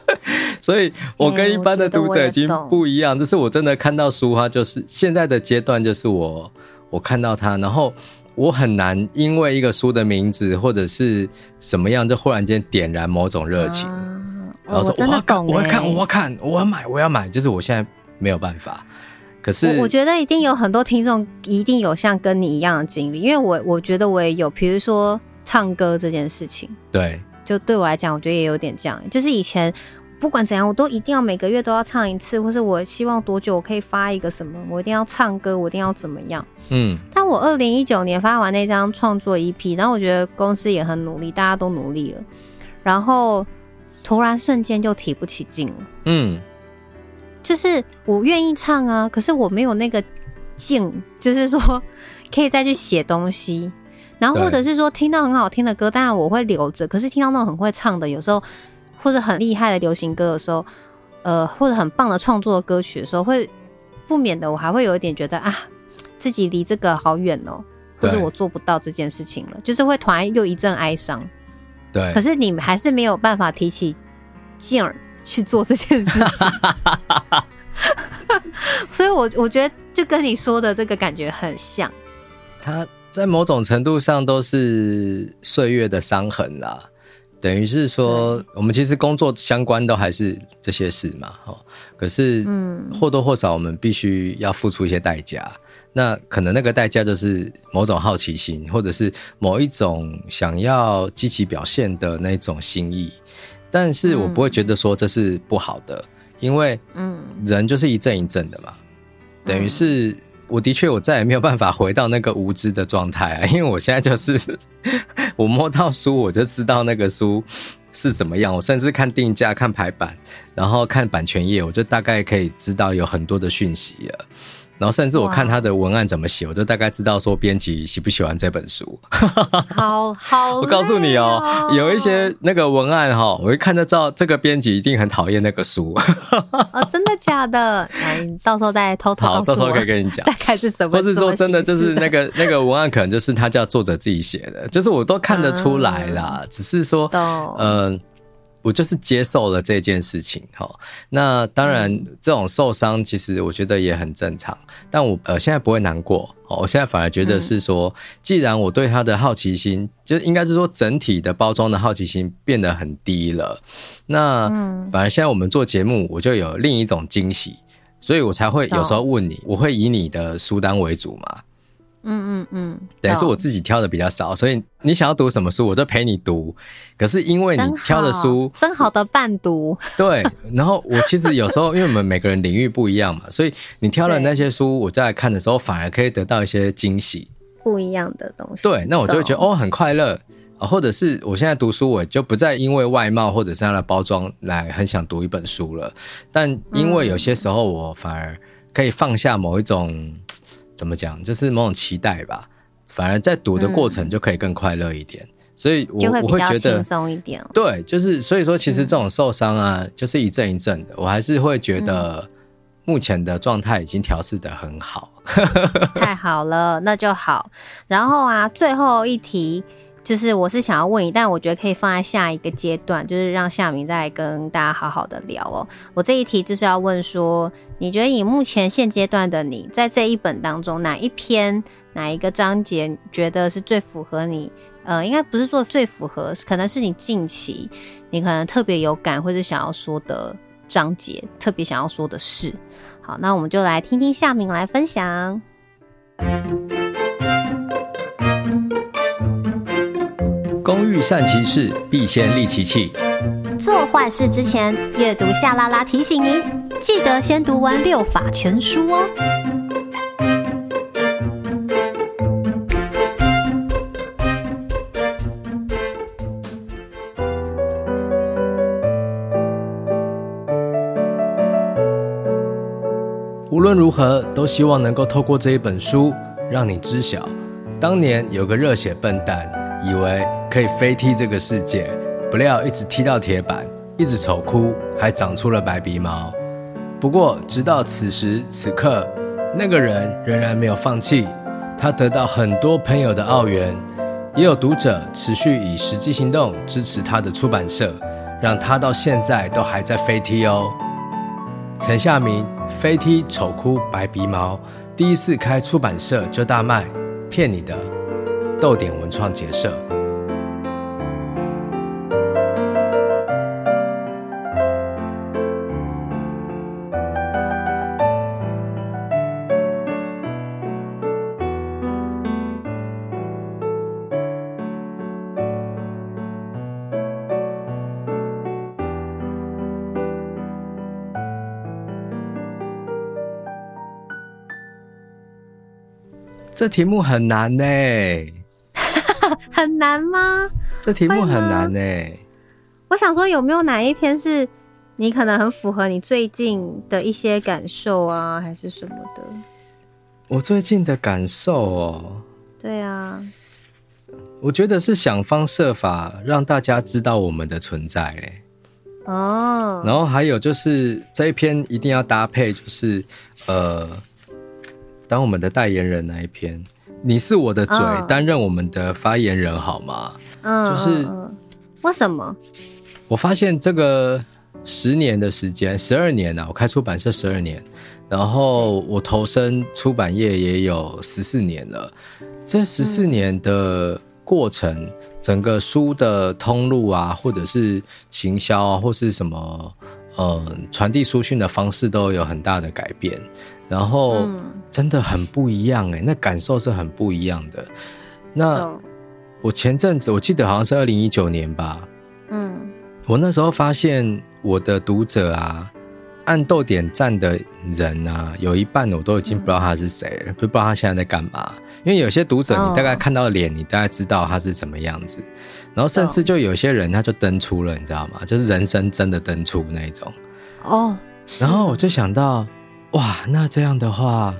所以我跟一般的讀者已經不一樣，就，欸、是我真的看到書，哈，就是現在的階段，就是我我看到它，然後我很難因為一個書的名字或者是什麼樣，就忽然間點燃某種熱情。啊。我、欸、我要看，我要看，我要看，我要買，我要買。就是我現在沒有辦法。可是我,我覺得一定有很多聽眾，一定有像跟你一樣的經歷，因為我我覺得我也有。比如說唱歌這件事情，對，就對我來講，我覺得也有點這樣。就是以前不管怎樣，我都一定要每個月都要唱一次，或是我希望多久我可以發一個什麼，我一定要唱歌，我一定要怎麼樣。嗯，但我二零一九年發完那張創作 EP，然後我覺得公司也很努力，大家都努力了，然後。”突然瞬間就提不起勁了，嗯，就是我願意唱啊，可是我沒有那個勁，就是說可以再去寫東西，然後或者是說聽到很好聽的歌，當然我會留着，可是聽到那種很會唱的，有時候或者很厲害的流行歌的時候，呃，或者很棒的創作歌曲的時候，會不免的我還會有一點覺得啊，自己離這個好遠哦，就是我做不到這件事情了，就是會突然又一陣哀傷。對，可是你們還是沒有辦法提起勁兒去做這件事情 所以我我覺得就跟你說的這個感覺很像。它在某種程度上都是歲月的傷痕啦，等於是說我們其實工作相關都還是這些事嘛，哈、喔。可是，嗯，或多或少我們必須要付出一些代價。那可能那個代價就是某種好奇心，或者是某一種想要積極表現的那種心意，但是我不會覺得說這是不好的，因為嗯，人就是一陣一陣的嘛，等於是我的確我再也沒有辦法回到那個無知的狀態啊，因為我現在就是我摸到書我就知道那個書是怎麼樣，我甚至看定價、看排版，然後看版權頁，我就大概可以知道有很多的訊息了。然後甚至我看他的文案怎麼寫，我就大概知道說，編輯喜不喜歡這本書。 好好、哦，我告訴你哦、喔，有一些那個文案哈、喔，我一看就知道這個編輯一定很討厭那個書。 哦，真的假的？來，你到時候再偷偷告訴我好，到時候可以跟你講， 大概是什麼，或是說真的就是那個 那個文案，可能就是他叫作者自己寫的，就是我都看得出來啦。嗯、只是說嗯。我就是接受了這件事情哈。那當然，這種受傷其實我覺得也很正常。但我呃現在不會難過哦，我現在反而覺得是說，既然我對他的好奇心，就應該是說整體的包裝的好奇心變得很低了。那反而現在我們做節目，我就有另一種驚喜，所以我才會有時候問你，我會以你的書單為主嗎？嗯嗯嗯，等於是我自己挑的比較少，所以你想要讀什麼書，我都陪你讀。可是因為你挑的書，真好，真好的伴讀。 對，然後我其實有時候， 因為我們每個人領域不一樣嘛，所以你挑的那些書，我在看的時候反而可以得到一些驚喜，不一樣的東西。對，那我就會覺得哦，很快樂。或者是我現在讀書，我就不再因為外貌或者是它的包裝來很想讀一本書了。但因為有些時候，我反而可以放下某一種。怎麼講，就是某種期待吧。反而在賭的過程就可以更快樂一點，嗯、所以我就會覺得輕鬆一點。對，就是所以說，其實這種受傷啊、嗯，就是一陣一陣的。我還是會覺得目前的狀態已經調適得很好， 太好了，那就好。然後啊，最後一題。就是我是想要問你，但我覺得可以放在下一個階段，就是讓夏民再跟大家好好的聊哦。我這一題就是要問說，你覺得你目前現階段的你在這一本當中哪一篇、哪一個章節，覺得是最符合你？呃，應該不是說最符合，可能是你近期你可能特別有感，或是想要說的章節，特別想要說的事。好，那我們就來聽聽夏民來分享。工欲善其事，必先利其器。做壞事之前，閱讀夏拉拉提醒您，記得先讀完《六法全書》哦。無論如何，都希望能夠透過這一本書，讓你知曉，當年有個熱血笨蛋，以為。可以飛踢這個世界，不料一直踢到鐵板，一直醜哭，還長出了白鼻毛。不過，直到此時此刻，那個人仍然沒有放棄。他得到很多朋友的奧援，也有讀者持續以實際行動支持他的出版社，讓他到現在都還在飛踢哦。陳夏民飛踢醜哭白鼻毛，第一次開出版社就大賣，騙你的，逗點文創結社。這題目很難呢、欸， 很難嗎？這題目很難呢、欸。我想說，有沒有哪一篇是你可能很符合你最近的一些感受啊，還是什麼的？我最近的感受哦、喔，對啊，我覺得是想方設法讓大家知道我們的存在、欸，哦。然後還有就是這一篇一定要搭配，就是呃。當我們的代言人那一篇，你是我的嘴，擔、oh. 任我們的發言人好嗎？嗯、oh.，就是為什麼？我發現這個十年的時間，十二年了、啊，我開出版社十二年，然後我投身出版業也有十四年了。這十四年的過程，整個書的通路啊，或者是行銷啊，或是什麼，嗯、呃，傳遞書訊的方式都有很大的改變。然後真的很不一樣哎、欸嗯，那感受是很不一樣的。那我前陣子我記得好像是二零一九年吧，嗯，我那時候發現我的讀者啊，按逗點讚的人啊，有一半我都已經不知道他是誰了、嗯，不知道他現在在幹嘛。因為有些讀者你大概看到臉、哦，你大概知道他是什麼樣子。然後甚至就有些人他就登出了，你知道嗎？就是人生真的登出那一種。哦，然後我就想到。哇，那這樣的話，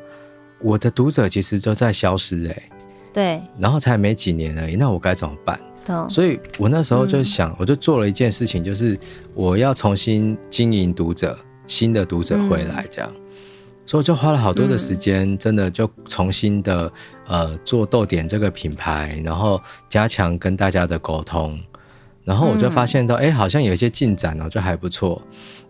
我的讀者其實就在消失哎、欸，對，然後才沒幾年而已，那我該怎麼辦？對，所以，我那時候就想、嗯，我就做了一件事情，就是我要重新經營讀者，新的讀者回來這樣，嗯、所以我就花了好多的時間，真的就重新的、嗯、呃做逗點這個品牌，然後加強跟大家的溝通。然後我就發現到，哎、嗯，好像有一些進展哦、啊，就還不錯。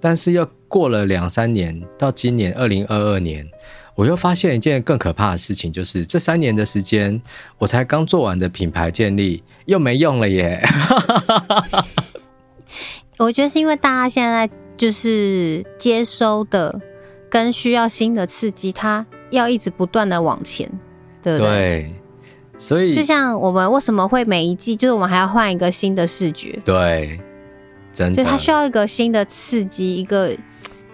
但是又過了兩三年，到今年二零二二年，我又發現一件更可怕的事情，就是這三年的時間，我才剛做完的品牌建立又沒用了耶。 我覺得是因為大家現在就是接收的跟需要新的刺激，它要一直不斷的往前，對不對？對所以，就像我們為什麼會每一季，就是我們還要換一個新的視覺，對，真的就它需要一個新的刺激，一個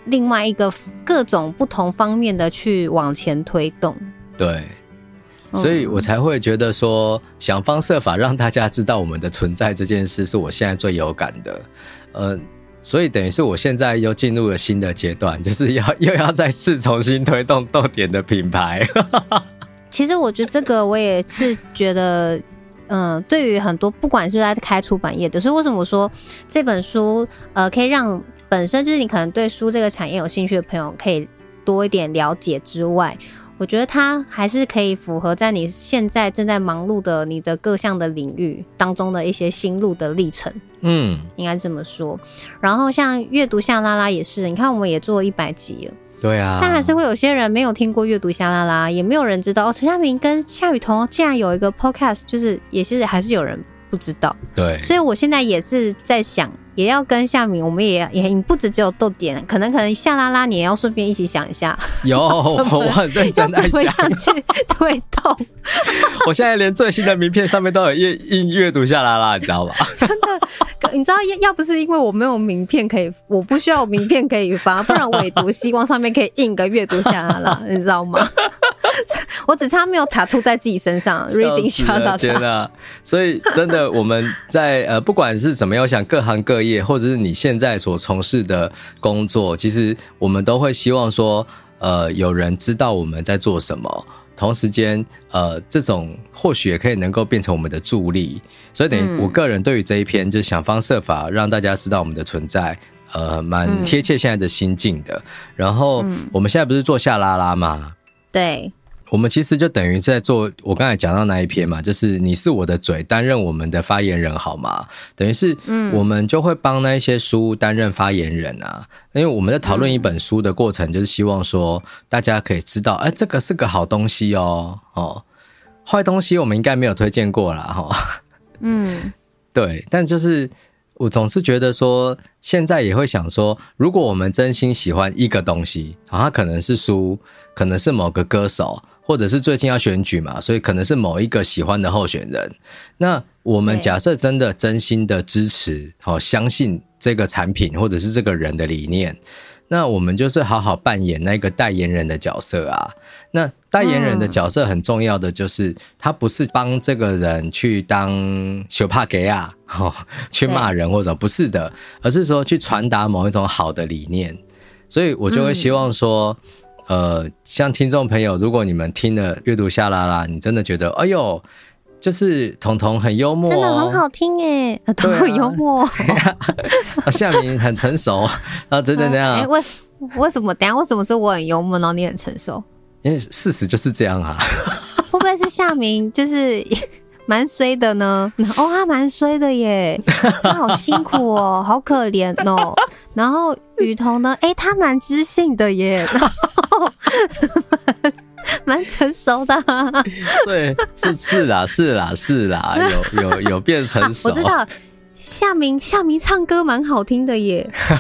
另外一個各種不同方面的去往前推動，對，所以我才會覺得說、嗯、想方設法讓大家知道我們的存在這件事，是我現在最有感的。呃，所以等於是我現在又進入了新的階段，就是要又要再次重新推動逗點的品牌。 其實我覺得這個我也是覺得，嗯、呃，對於很多不管是不是在開出版業的，所以為什麼說這本書呃可以讓本身就是你可能對書這個產業有興趣的朋友可以多一點了解之外，我覺得它還是可以符合在你現在正在忙碌的你的各項的領域當中的一些心路的歷程，嗯，應該這麼說。然後像閱讀夏拉拉也是，你看我們也做了一百集。對啊，但還是會有些人沒有聽過閱讀夏 LaLa，也沒有人知道哦。陳夏民跟夏宇童竟然有一個 podcast，就是也是還是有人不知道。對，所以我現在也是在想。也要跟夏民，我們也也不止只有逗點，可能可能夏拉拉你也要順便一起想一下。有，我很認真在想，去推動。對，對，我現在連最新的名片上面都有印印閱讀夏拉拉，你知道吧？ 真的，你知道要要不是因為我沒有名片可以，我不需要名片可以發，不然我也讀希望上面可以印個閱讀夏拉拉，你知道嗎？ 我只差沒有卡出在自己身上 Reading，真的，啊，所以真的我們在呃，不管是怎麼要想各行各業。業或者是你現在所從事的工作，其實我們都會希望說，呃，有人知道我們在做什麼。同時間，呃，這種或許也可以能夠變成我們的助力。所以等於我個人對於這一篇，就想方設法讓大家知道我們的存在，呃，蠻貼切現在的心境的。然後我們現在不是做夏 LaLa 嗎？對。我們其實就等於在做我剛才講到那一篇嘛，就是你是我的嘴，擔任我們的發言人，好嗎？等於是，嗯，我們就會幫那一些書擔任發言人啊。嗯、因為我們在討論一本書的過程，就是希望說大家可以知道，哎、嗯，欸，這個是個好東西哦、喔，哦，壞東西我們應該沒有推薦過啦。哈、哦。嗯， 對，但就是我總是覺得說，現在也會想說，如果我們真心喜歡一個東西，它可能是書，可能是某個歌手。或者是最近要選舉嘛，所以可能是某一個喜歡的候選人。那我們假設真的真心的支持，好、哦、相信這個產品或者是這個人的理念，那我們就是好好扮演那個代言人的角色啊。那代言人的角色很重要的就是，嗯、他不是幫這個人去當修帕給亞去罵人或者什麼，不是的，而是說去傳達某一種好的理念。所以我就會希望說，嗯呃，像聽眾朋友，如果你們聽了閱讀夏 LaLa，你真的覺得哎呦，就是童童很幽默、哦，真的很好聽哎，童童、啊、幽默、哦 啊，夏民很成熟啊，等等等等，為、啊欸、為什麼？等下為什麼說我很幽默呢？然後，你很成熟，因為事實就是這樣啊。 會不會是夏民就是蠻衰的呢？哦，他蠻衰的耶，他好辛苦哦， 好可憐哦。然後宇童呢？哎、欸，他蠻知性的耶。 蠻 成熟的、啊。對，是是啦，是啦，是啦，有有有變成熟、 啊。我知道，夏民，夏民唱歌蠻好聽的耶。是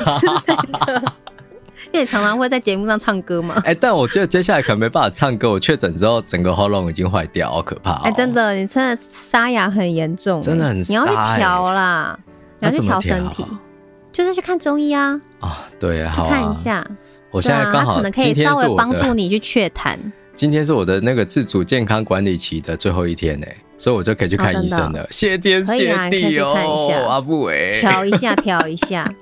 的， 因為常常會在節目上唱歌嘛、欸。哎，但我覺得接下來可能沒辦法唱歌。我確診之後，整個喉嚨已經壞掉，好可怕、喔。哎、欸，真的，你真的沙啞很嚴重、欸，真的很、欸。你要去調啦、啊，你要去調身體調、啊，就是去看中醫啊。啊，對好呀、啊，看一下。我現在剛好，可以稍微幫助你去我的。今天是我的那個自主健康管理期的最後一天呢、欸，所以我就可以去看醫生了，謝天謝地哦，阿布偉，調一下，調一下。一下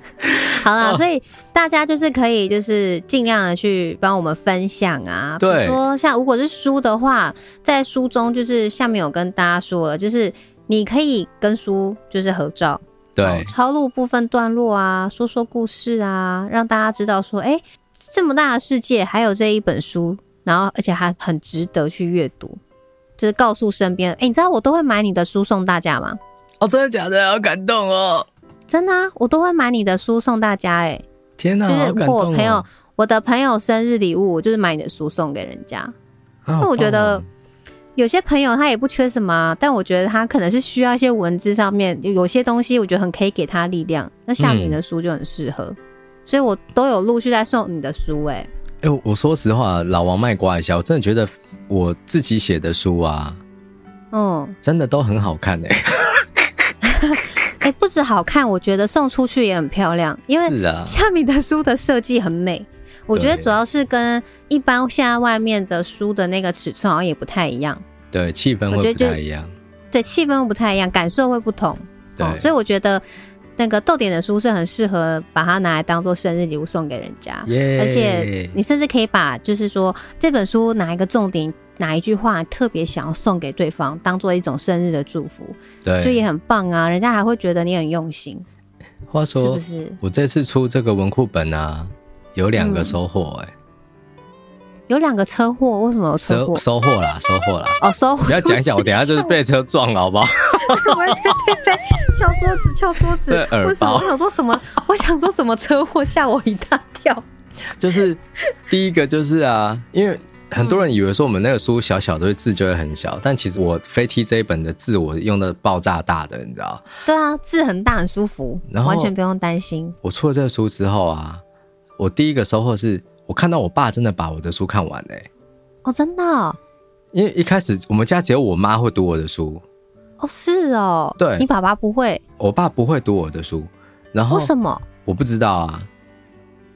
好了，所以大家就是可以，就是盡量的去幫我們分享啊。對，說像如果是書的話，在書中就是下面有跟大家說了，就是你可以跟書就是合照。對，抄錄部分段落啊，說說故事啊，讓大家知道說，哎，這麼大的世界還有這一本書，然後而且還很值得去閱讀，就是告訴身邊，哎，你知道我都會買你的書送大家嗎？哦，真的假的？好感動哦！真的啊，我都會買你的書送大家、欸。哎，天哪，就是、哦、我朋友我的朋友生日禮物，我就是買你的書送給人家，那、哦、我覺得。有些朋友他也不缺什麼、啊，但我覺得他可能是需要一些文字上面有些東西，我覺得很可以給他力量。那夏民的書就很適合、嗯，所以我都有陸續在送你的書、欸，哎、欸。哎，我說實話，老王賣瓜一下，我真的覺得我自己寫的書啊，哦、嗯，真的都很好看哎、欸。哎、 欸，不止好看，我覺得送出去也很漂亮，因為夏民的書的設計很美。我覺得主要是跟一般現在外面的書的那個尺寸好像也不太一樣，對氣氛會不太一樣，對氣氛不太一樣，感受會不同，對，嗯、所以我覺得那個逗點的書是很適合把它拿來當做生日禮物送給人家、yeah，而且你甚至可以把就是說這本書哪一個重點哪一句話特別想要送給對方，當做一種生日的祝福，對，這也很棒啊，人家還會覺得你很用心。話說，是不是我這次出這個文庫本啊？有兩個收穫哎、欸嗯，有兩個車禍？為什麼車收穫啦？收穫啦！哦、喔，收穫！你要講一下，就是、我等一下就是被車撞了，好不好？對敲 桌子，敲桌子！為什麼我想說什麼？我想說什麼？ 什麼車禍嚇我一大跳。就是第一個，就是啊，因為很多人以為說我們那個書小小的字就會很小，嗯、但其實我飛踢這一本的字，我用的爆炸大的，你知道？對啊，字很大，很舒服，然後，完全不用擔心。我出了這個書之後啊。我第一個收穫是我看到我爸真的把我的書看完嘞、欸！哦、oh,，真的！因為一開始我們家只有我媽會讀我的書。哦、oh,，是哦、喔，對你爸爸不會。我爸不會讀我的書，然後為什麼？我不知道啊。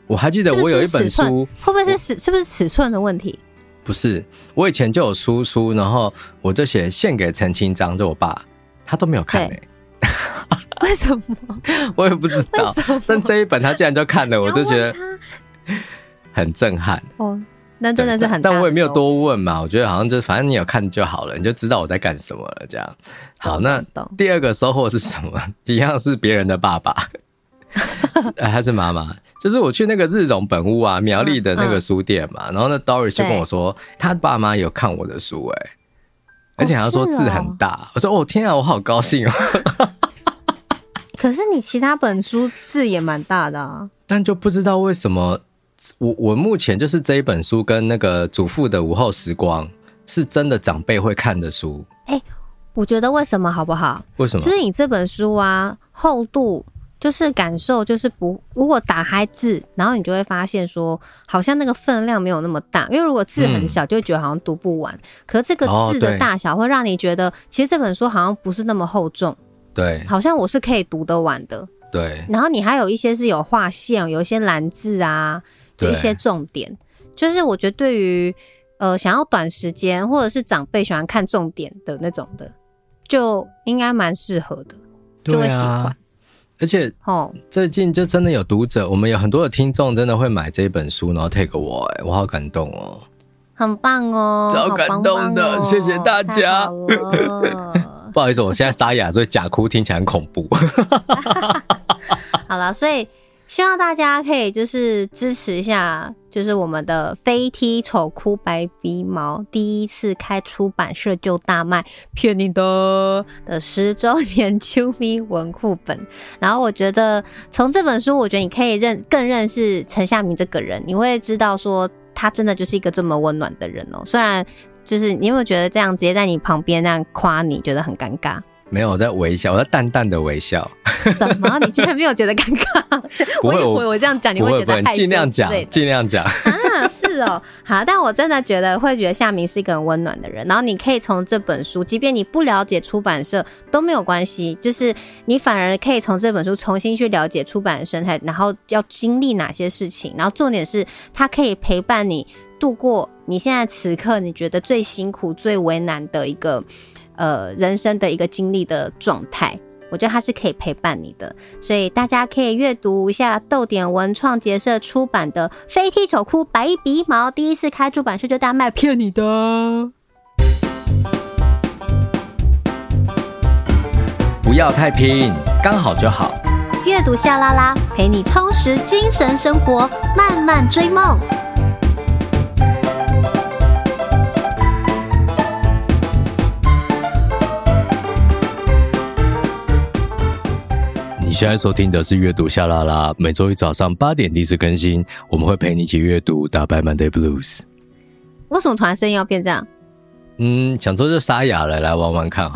我還記得我有一本書，會不會是，是尺？是不是尺寸的問題？不是，我以前就有書書，然後我就寫獻給陳清章，就我爸，他都沒有看、欸 hey. 為什麼？我也不知道。但這一本他竟然就看了，我就覺得很震撼。哦，那真的是很的……但我也沒有多問嘛。我覺得好像就是，反正你有看就好了，你就知道我在幹什麼了。這樣好，那第二個收穫是什麼？一樣是別人的爸爸，還、 呃、是媽媽？就是我去那個日榮本屋啊，苗栗的那個書店嘛。嗯嗯、然後那 Doris 就跟我說，他爸媽有看我的書、欸，哎。而且還要說字很大，哦、我說哦，天啊，我好高興、啊、 可是你其他本書字也蠻大的啊，但就不知道為什麼，我我目前就是這一本書跟那個祖父的午後時光是真的長輩會看的書。哎、欸，我覺得為什麼好不好？為什麼？就是你這本書啊，厚度。就是感受，就是不，如果打開字，然後你就會發現說，好像那個分量沒有那麼大，因為如果字很小，就會覺得好像讀不完。嗯、可是這個字的大小會讓你覺得、哦，其實這本書好像不是那麼厚重，對，好像我是可以讀得完的。對。然後你還有一些是有畫線，有一些藍字啊，有一些重點，就是我覺得對於呃想要短時間，或者是長輩喜歡看重點的那種的，就應該蠻適合的、啊，就會喜歡。而且，最近就真的有讀者，oh. 我們有很多的聽眾，真的會買這一本書，然後 tag 我、欸，誒我好感動哦、喔，很棒哦、喔，超感動的棒棒、喔，謝謝大家。好 不好意思，我現在沙啞，所以假哭聽起來很恐怖。 好啦，所以。希望大家可以就是支持一下，就是我們的飛踢醜哭白鼻毛第一次開出版社就大賣，騙你的的十周年啾咪文庫本。然後我覺得從這本書，我覺得你可以認更認識陳夏民這個人，你會知道說他真的就是一個這麼溫暖的人哦、喔。雖然就是你有沒有覺得這樣直接在你旁邊那樣誇你，覺得很尷尬？沒有，我在微笑，我在淡淡的微笑。什麼？你竟然沒有覺得尷尬？我也 會我 我，我這樣講你會覺得很盡量講，盡量講。 啊，是哦。好，但我真的覺得會覺得夏民是一個很溫暖的人。然後你可以從這本書，即便你不了解出版社都沒有關係，就是你反而可以從這本書重新去了解出版的生態，然後要經歷哪些事情。然後重點是，它可以陪伴你度過你現在此刻你覺得最辛苦、最為難的一個。呃，人生的一個經歷的狀態，我覺得它是可以陪伴你的，所以大家可以閱讀一下逗點文創結社出版的《飛踢醜哭白鼻毛》，第一次開出版社就大賣，騙你的！不要太拼，剛好就好。閱讀夏拉拉，陪你充實精神生活，慢慢追夢。現在收聽的是閱讀夏拉拉，每周一早上八點定時更新，我們會陪你一起閱讀，打敗 Monday Blues。為什麼突然聲音要變這樣？嗯，想說就沙啞了，來玩玩看啊！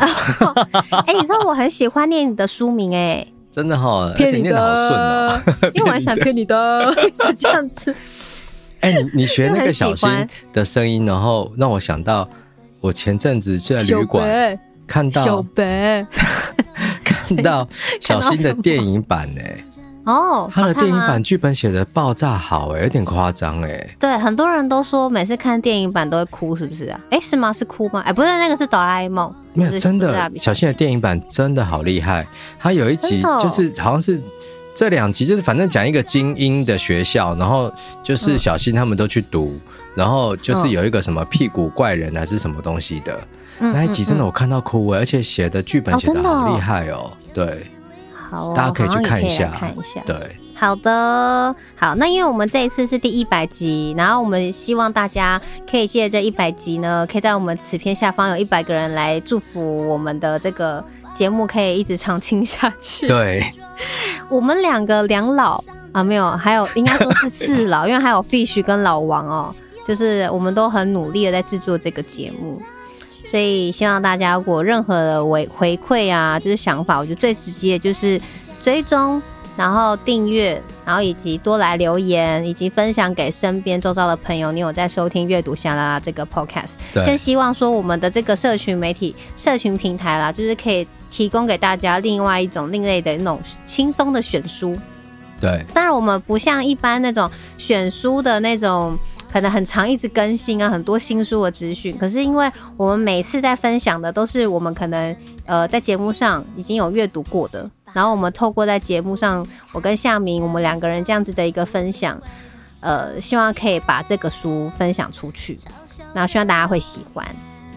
哎、 欸，你知道我很喜歡念你的書名、欸，哎，真的哈，聽你念好順哦，順哦 因為我很想聽你的， 是這樣子。哎、 欸，你你學那個小新的聲音，然後讓我想到我前陣子就在旅館。看到小白， 看到小新的電影版呢、欸。哦，他、oh, 的電影版劇本寫的爆炸好哎、欸，有點誇張哎。對，很多人都說每次看電影版都會哭，是不是啊？哎、欸，是嗎？是哭嗎？哎、欸，不是那個是哆啦 A 夢，沒有真的小新的，小新的電影版真的好厲害，他有一集就是好像是好。這兩集就是反正講一個精英的學校，然後就是小新他們都去讀，嗯、然後就是有一個什麼屁股怪人還是什麼東西的，嗯、那一集真的我看到哭、嗯，而且寫的劇、嗯、本寫的好厲害、喔、哦、哦，對，好、哦，大家可以去看一下，看一下，對，好的，好，那因為我們這一次是第一百集，然後我們希望大家可以借著這一百集呢，可以在我們此篇下方有一百個人來祝福我們的這個。節目可以一直長青下去。對， 我們兩個兩老啊，沒有，還有應該說是四老， 因為還有 Fish 跟老王哦，就是我們都很努力的在制作這個節目，所以希望大家如果有任何的回回饋啊，就是想法，我覺得最直接的就是追蹤，然後訂閱，然後以及多來留言，以及分享給身邊周遭的朋友。你有在收聽閱讀夏 LaLa 這個 Podcast，對，更希望說我們的這個社群媒體社群平台啦，就是可以。提供給大家另外一種另類的那種輕鬆的選書，對。當然，我們不像一般那種選書的那種，可能很常一直更新啊，很多新書的資訊。可是，因為我們每次在分享的都是我們可能呃在節目上已經有閱讀過的，然後我們透過在節目上，我跟夏民我們兩個人這樣子的一個分享，呃，希望可以把這個書分享出去，然後希望大家會喜歡。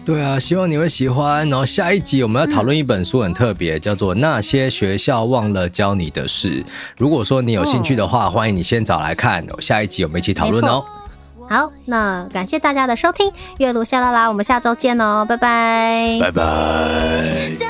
對啊，希望你會喜歡。然後下一集我們要討論一本書，很特別，嗯，叫做《那些學校忘了教你的事》。如果說你有興趣的話，哦、歡迎你先找來看。下一集我們一起討論哦。好，那感謝大家的收聽，閱讀夏 LaLa，我們下周見哦，拜拜，拜拜。